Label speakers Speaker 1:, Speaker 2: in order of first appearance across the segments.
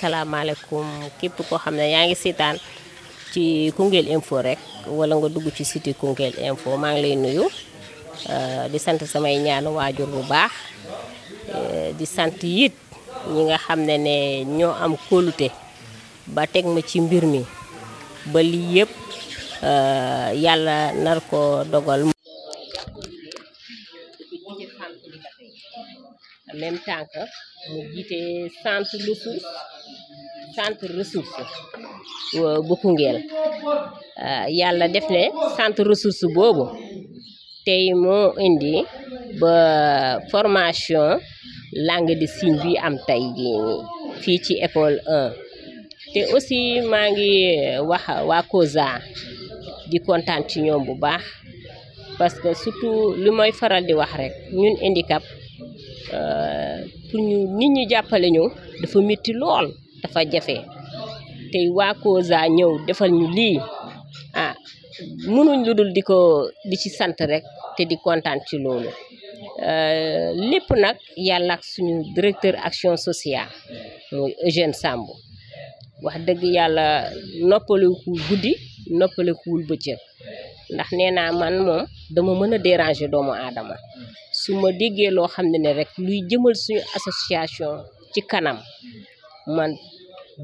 Speaker 1: salaamaaleykum képp koo xam ne yaa ngi seetaan ci Koungheul info rek wala nga dugg ci siti Koungheul info maa ngi lay nuyu eh, di sant samay ñaanu waajur bu baax eh, di sant yit ñi nga xam ne ne ñoo am kóolute ba teg ma ci mbir mi ba lii yëpp eh, yàlla nar ko dogal en même mu jiite centre ressources centre ressource bu Koungheul euh, yàlla def ne centre ressource boobu tey moo indi ba formation langue de signe bi am tey jii fii ci école 1 te aussi maa ngi wax waa COSA di kontaan ci ñoom bu baax parce que surtout li may faral di wax rek ñun handicap euh, pour ñu nit ñi jàppale ñu dafa metti lool dafa jafe tey waa COSA ñëw defal ñu lii ah mënuñ lu dul di ko di ci sant rek te di kontaan ci loolu euh, lépp nag yàlla suñu directeur action sociale muy Eugène Samb wax dëgg yàlla noppalikuwul guddi noppalikuwul bëccëg ndax nee naa man moom dama mën a déranger doomu aadama su ma déggee loo xam ne ne rek luy jëmal suñu association ci kanam man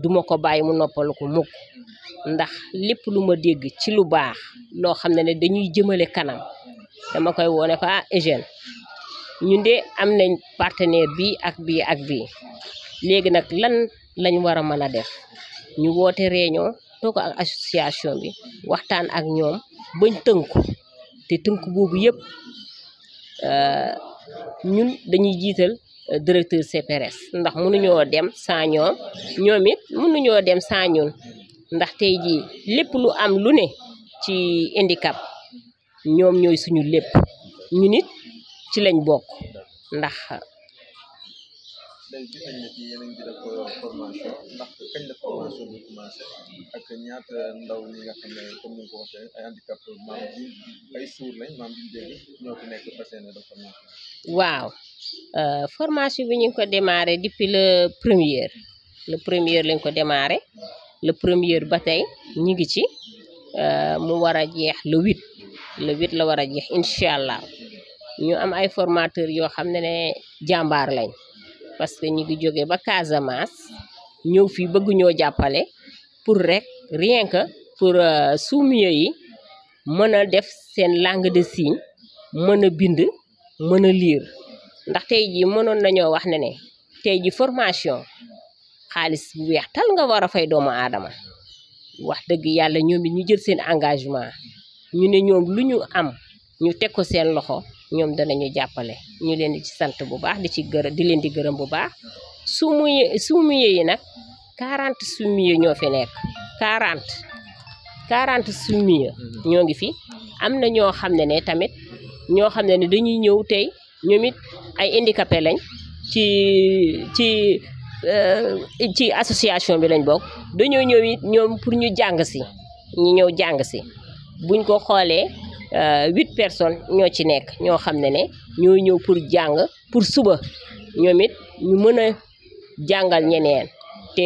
Speaker 1: duma ko bàyyi mu noppalu ko mukk ndax lépp lu ma dégg ci lu baax loo xam ne ne dañuy jëmale kanam dama koy woone ko ah Eugène ñun de am na partenaire bii ak bii ak bii léegi nag lan lañ war a mën a def ñu woote réunion toog ak association bi waxtaan ak ñoom bañ tënku te tënku boobu yëpp euh, ñun dañuy jiital directeur CPRS ndax mënuñoo dem sans ñoom ñoom it mënuñoo dem sans ñun ndax tey jii lépp lu am lu ne ci handicap ñoom ñooy suñu lépp ñun it ci lañ bokk ndax
Speaker 2: léegi gis euh, formation bi
Speaker 1: waaw euh, formation bi ñu ngi ko démarré depuis le première le première lañ ko démarré le première ba tey ñu ngi ci euh, mu war a jeex le huit le huit la war a jeex incha allah ñu am ay formateurs yoo xam ne ne jàmbaar lañ. parce que ñu ngi jóge ba Casamance ñëw fii bëgg ñoo jàppale pour rek rien que pour euh, sourds-muets yi mën a def seen langue de signe mën a bind mën a lire ndax tey jii mënoon nañoo wax ne ne tey ji formation xaalis bu weex tal nga war fay doomu aadama wax dëgg yàlla ñoom it ñu jël seen engagement ñu ne ñoom lu ñu am ñu teg ko seen loxo ñoom dana danañu jàppale ñu leen di ci sant bu baax di ci gërëm di leen di gërëm bu baax soumier soumier yi nag 40 soumier ñoo fi nekk 40 40 soumier ñoo ngi fi am na ñoo xam ne ne tamit ñoo xam ne ne dañuy ñëw tey ñoom it ay handicapé lañ ci ci euh, ci association bi lañ bokk dañoo ñëw it ñoom pour ñu jàng si ñu ñëw jàng si buñ ko xoolee Euh, huit personnes ñoo ci nekk ñoo xam ne ne ñoo ñëw pour jàng pour suba ñoom it ñu mën a jàngal ñeneen te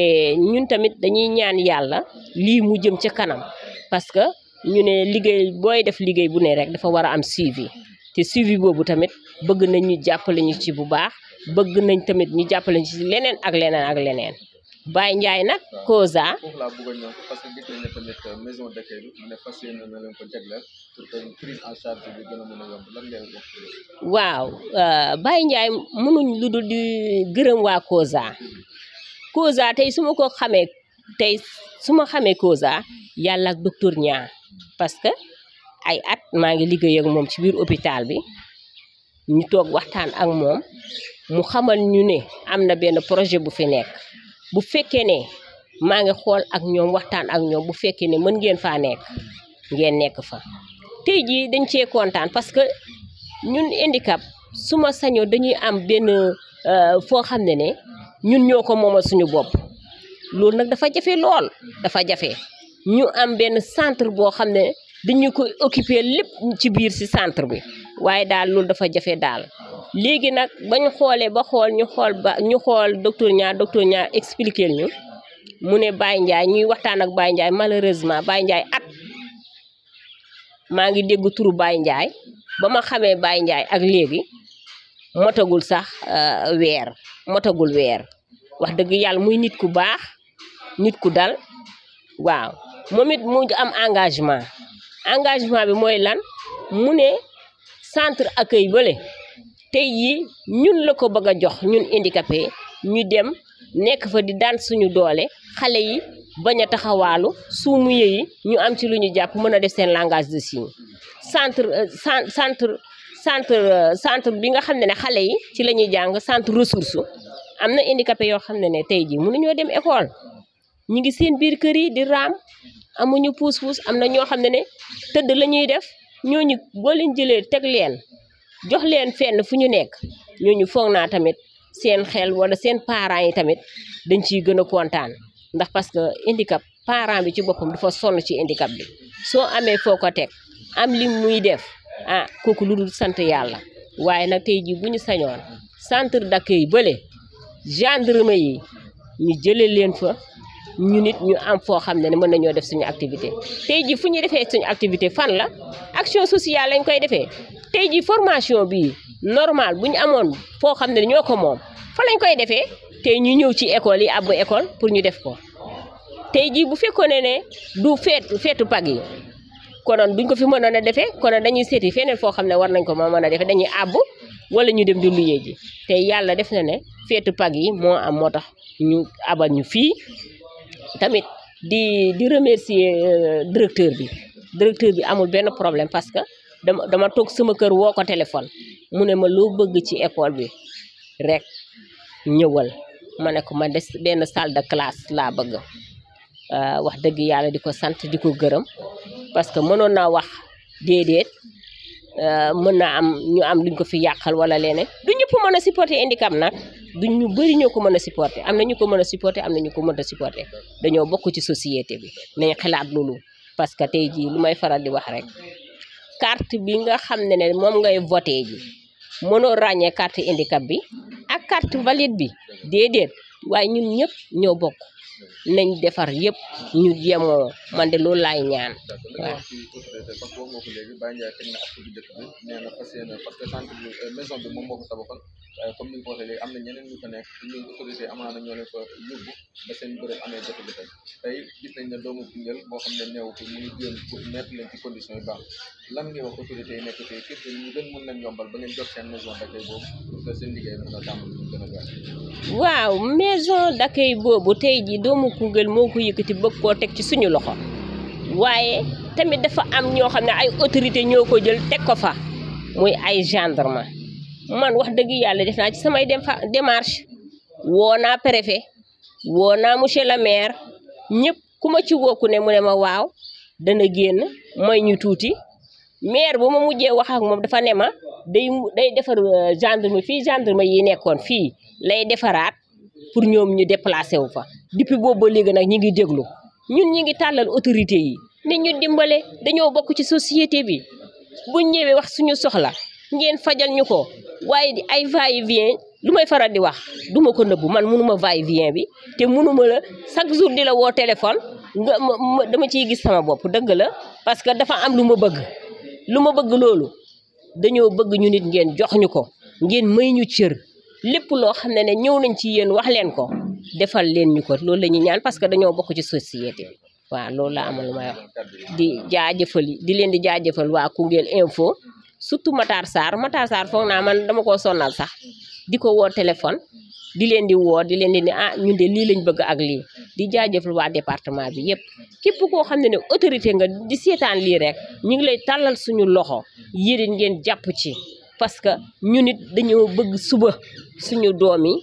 Speaker 1: ñun tamit dañuy ñaan yàlla lii mu jëm ca kanam parce que ñu ne liggéey booy def liggéey bu ne rek dafa war a am suivi te suivi boobu tamit bëgg nañ ñu jàppale ñu ci bu baax bëgg nañ tamit ñu jàppale ñu ci leneen ak leneen ak leneen Baye Ndiaye nag Koza. foofu
Speaker 2: laa euh,
Speaker 1: waaw euh, Baye Ndiaye mënuñ lu dul di gërëm waa Koza Koza tey su ma ko xamee tey su ma xamee Koza yàlla ak docteur ñaa parce que ay at maa ngi liggéey ak moom ci biir hôpital bi ñu toog waxtaan ak moom mu xamal ñu ne am na benn projet bu fi nekk. bu fekkee ne maa ngi xool ak ñoom waxtaan ak ñoom bu fekkee ne mën ngeen faa nekk ngeen nekk fa tey jii dañ cee kontaan parce que ñun handicap suma ma sañoo dañuy am benn euh, foo xam ne ne ñun ñoo ko moom moomal suñu bopp loolu nag dafa jafe lool dafa jafe ñu am benn centre boo xam ne dañu koy occuper lépp ci biir si centre bi waaye daal loolu dafa jafe daal léegi nag ba xoolee ba xool ñu xool ba ñu xool docteur Niang docteur Niang expliquer ñu mu ne Baye Ndiaye ñuy waxtaan ak Baye Ndiaye malheureusement Baye Ndiaye at maa ngi dégg turu Baye njaay ba ma xamee Baye njaay ak léegi matagul sax euh, weer motagul weer wax dëgg yàlla muy nit ku baax nit ku dal waaw moom it mu am engagement engagement bi mooy lan mu ne centre accueil bële tey yii ñun la ko bëgg a jox ñun handicapé ñu dem nekk fa di daan suñu doole xale yi bañ a taxawaalu suumu yi ñu am ci lu ñu jàpp mën a def seen lengage de signe centre euh, centre centre euh, centre bi nga xam ne ne xale yi ci la ñuy jàng centre ressource am na handicapé yoo xam ne ne tey jii mënuñoo dem école ñu ngi seen biir kër yi di raam amuñu puus puus am na ñoo xam ne ne tëdd la ñuy def ñooñu boo leen jëlee teg leen jox leen fenn fu ñu nekk ñu foog naa tamit seen xel wala seen parent yi tamit dañ ciy gën a kontaan ndax parce que handicap parent bi ci boppam dafa sonn ci handicap bi soo amee foo ko teg am li muy def ah kooku lu dul sant yàlla waaye nag tey jii bu ñu sañoon centre yi bële gendarme yi ñu jëlee leen fa ñu nit ñu am foo xam ne ne mën nañoo def suñu activité tey ji fu ñuy defee suñu activité fan la action sociale lañ koy defee tey ji formation bii normal bu ñu amoon foo xam ne ñoo ko moom fa lañ koy defee ñu ñëw ci école yi àbb école pour ñu def ko tey jii bu fekkoon ne ne du feetu feetu pag yi konoon duñ ko fi mënoon a defee konoon dañuy seeti feneen foo xam ne war nañ ko ma mën a defee dañuy àbb wala ñu dem di luyee ji tey yàlla def na ne feetu pag yi moo am moo tax ñu abal ñu fii tamit di di remercier euh, directeur bi directeur bi amul benn problème parce que dama dama toog sama kër woo ko téléphone mu ne ma loo bëgg ci école bi rek ñëwal ma ne ko ma des benn salle de classe laa bëgg euh, wax dëgg yàlla di ko sant di ko gërëm parce que mënoon naa wax déedéet euh, mën naa am ñu am luñ ko fi yàqal wala leneen du ñëpp mën a supporter handicap du ñu bëri ñoo ko mën a supporter am na ñu ko mën a supporter am na ko mën a supporter dañoo bokku ci société bi nañ xalaat loolu parce que tey jii lu may faral di wax rek carte bi nga xam ne ne moom ngay voté ji mënoo ràññee carte handicap bi ak carte valide bi déedéet waaye ñun ñëpp ñoo bokk. nañ defar yëpp ñu yemoo man de loolu laay ñaan waaw comme
Speaker 2: ni nga ko waxee léegi am na ñeneen ñu ko nekk ñun autorité amaana ñoo leen fa yóbbu ba seen bërëb amee jafe-jafe tey gis nañ ne doomu Koungheul boo xam ne néew fi mu ngi jéem pour mettre leen ci condition yu baax lan nga
Speaker 1: waaw maison d'accueil boobu tey jii doomu Koungheul moo ko yëkkati bëgg koo teg ci suñu loxo waaye tamit dafa am ñoo xam ne ay autorité ñoo ko jël teg ko fa muy ay gendarme man wax dëgg yàlla def naa ci samay dem fa démarche woo naa préfet woo naa monsieur le maire ñëpp ku ma ci wokku ne mu ne ma waaw dana génn may ñu tuuti. maire bu ma mujjee wax ak moom dafa ne ma day day defar fi euh, fii ma yi nekkoon fii lay defaraat pour ñoom ñu déplacé wu fa depuis boobu ba léegi nag ñi ngi déglu ñun ñi ngi tàllal autorité yi ni ñu dimbale dañoo bokk ci société bi bu ñëwee wax suñu soxla ngeen fajal ñu ko waaye di ay va et lu may faral di wax du ma ko nëbbu man mënuma va et bi te mënuma la chaque jour di la woo téléphone nga dama ciy gis sama bopp dëgg la parce que dafa am lu ma bëgg lu ma bëgg loolu dañoo bëgg ñu nit ngeen jox ñu ko ngeen may ñu cër lépp loo xam ne ne ñëw nañ ci yéen wax leen ko defal leen ñu ko loolu la ñuy ñaan parce que dañoo bokk ci société waaw loolu la amal may yo di jaajëfal di leen di jaajëfal waa Koungheul info surtout Matar Sarr Matar Sarr foog naa man dama ko sonnal sax di ko woo téléphone di leen di woo di leen di ne ah ñu dee lii lañ bëgg ak lii di jaajëfal waa département bi yëpp képp koo xam ne ne autorité nga di seetaan lii rek ñu ngi lay tàllal suñu loxo yéen ngeen jàpp ci parce que ñun it dañoo bëgg suba suñu doom yi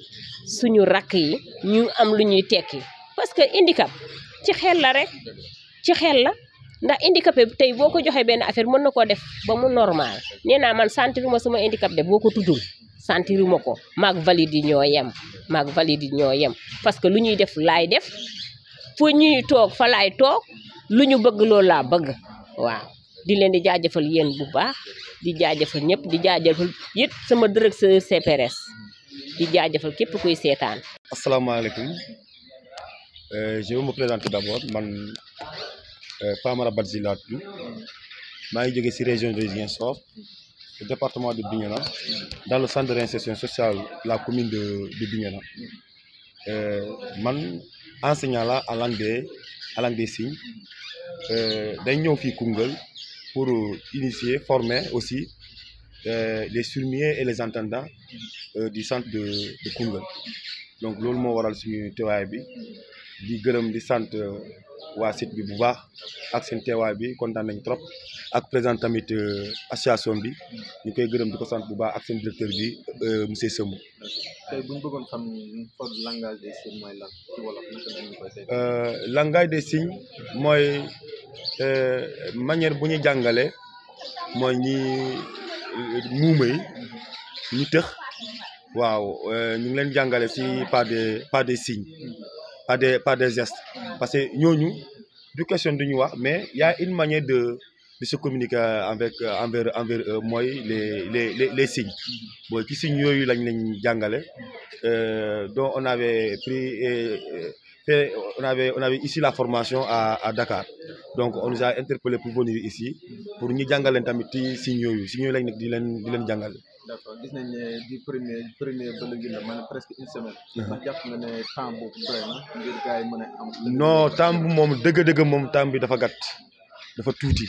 Speaker 1: suñu rakk yi ñu am lu ñuy tekki parce que handicap ci xel la rek ci xel la ndax handicapé tey boo ko joxee benn affaire mën na koo def ba mu normal nee naa man sentiruma sama handicap de boo ko tuddul sentiruma ko maag valide yi ñoo yem maag valide yi ñoo yem parce que lu ñuy def laay def fu ñuy toog fa laay toog lu ñu bëgg loolu laa bëgg waaw di leen di jaajëfal yéen bu baax di jaajëfal ñëpp di jaajafal it sama directeur CPRS di jaajëfal képp kuy seetaan.
Speaker 2: asalaamaaleykum euh, je veux me présenter d' abord man euh, Famara Badji laa tudd maa ngi jóge si région de Ziguinchor département de Bignona, dans le centre de réinsertion sociale, la commune de, de Bignona. Euh, man, enseignant là à langue des, à langue des euh, Kungel pour euh, initier, former aussi euh, les surmiers et les entendants euh, du centre de, de Kungel. Donc, c'est ce que nous avons fait. Nous avons waa site bi bu baax ak seen teewaay bi kontaan nañ trop ak président tamit euh, association bi ñu koy gërëm di ko sant bu baax ak seen directeur bi euh, monsieur Semou. tey bu ñu bëggoon xam ni mooy lan la ñu koy langage des signes mooy euh, manière bu ñu jàngalee mooy ñi muuma yi ñu tëx waaw ñu ngi leen jàngale si par des par des signes par des par des gestes. parce que ñooñu du question du ñu wax mais y une manière de de se communiquer avec envers envers mooy les les les les signes ci ci signes yooyu lañ lañ jàngale euh, donc on avait pris euh, on avait, on avait la formation à, à Dakar. Donc, on nous a interpellés pour venir ici, pour nous jangalen tamit ci signaux yu, signaux lañ nek di len di len jangal. D'accord. Gis nañ né du premier premier ba légui man presque une semaine. Ba uh-huh. japp na ngir gaay mëna am. Non, temps bu mom deug bi dafa gatt. dafa tuuti.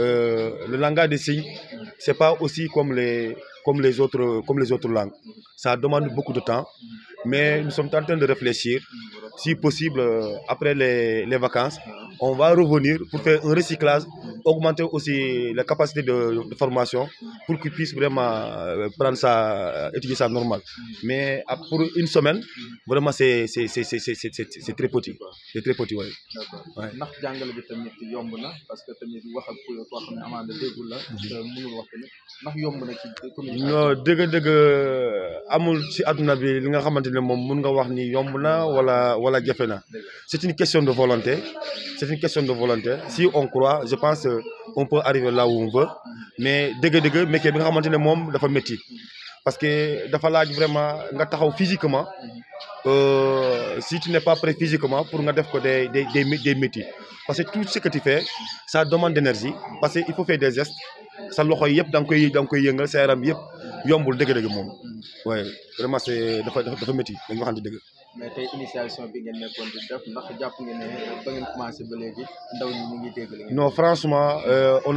Speaker 2: Euh le langage des signes, c'est pas aussi comme les comme les autres comme les autres langues. Ça demande beaucoup de temps, mais nous sommes en train de réfléchir. si possible, euh, après les, les, vacances, on va revenir pour faire un recyclage, augmenter aussi la capacité de, formation pour qu'ils puissent vraiment euh, prendre ça, euh, étudier ça normal. Mais ah, pour une semaine, vraiment, c'est très petit. C'est très petit, oui. Ouais. Mhm. non dëgg-dëgg amul ci àdduna bi li nga xamante ne moom mun nga wax ni yomb na wala wala jafe na c'est une question de volonté c'est une question de volonté si on croit je pense on peut arriver là où on mais dëgg-dëgg métier bi nga xamante ne moom dafa métti parce que dafa laaj vraiment nga taxaw physiquement euh, si tu n'es pas prêt physiquement pour nga def ko des des des métiers parce que tout ce que sa fais ça demande d'énergie parce que il faut faire des gestes sa loxo yëpp da koy da nga koy yëngal sa yaram yëpp yombul dëgg-dëgg moom waaye vraiment c'est dafa dafa métti dañu mais tey initiation bi ngeen nekkoon di def jàpp ngeen ne ba ngeen commencé ba léegi ndaw ñi ñu ngi dégg li non franchement euh, on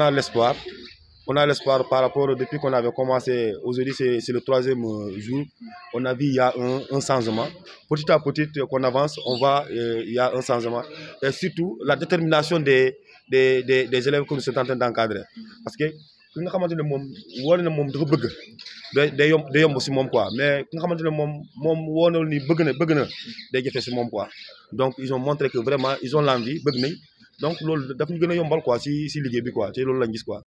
Speaker 2: a l'espoir par rapport depuis qu'on avait commencé aujourd'hui c'est le troisième euh, jour on a vu y a un changement petit à petit euh, qu'on avance on va euh, y a un changement et surtout la détermination des des des des élèves que nous sommes en d'encadrer parce que ki nga xamante ne moom woone na moom dafa bëgg day day yomb day yomb si moom quoi mais ki nga xamante ne moom moom woonal ni bëgg na bëgg na day jafe si moom quoi donc ils ont montré que vraiment ils ont l'envie bëgg nañ donc loolu daf ñu gën a yombal quoi si si liggéey bi quoi te loolu lañ gis quoi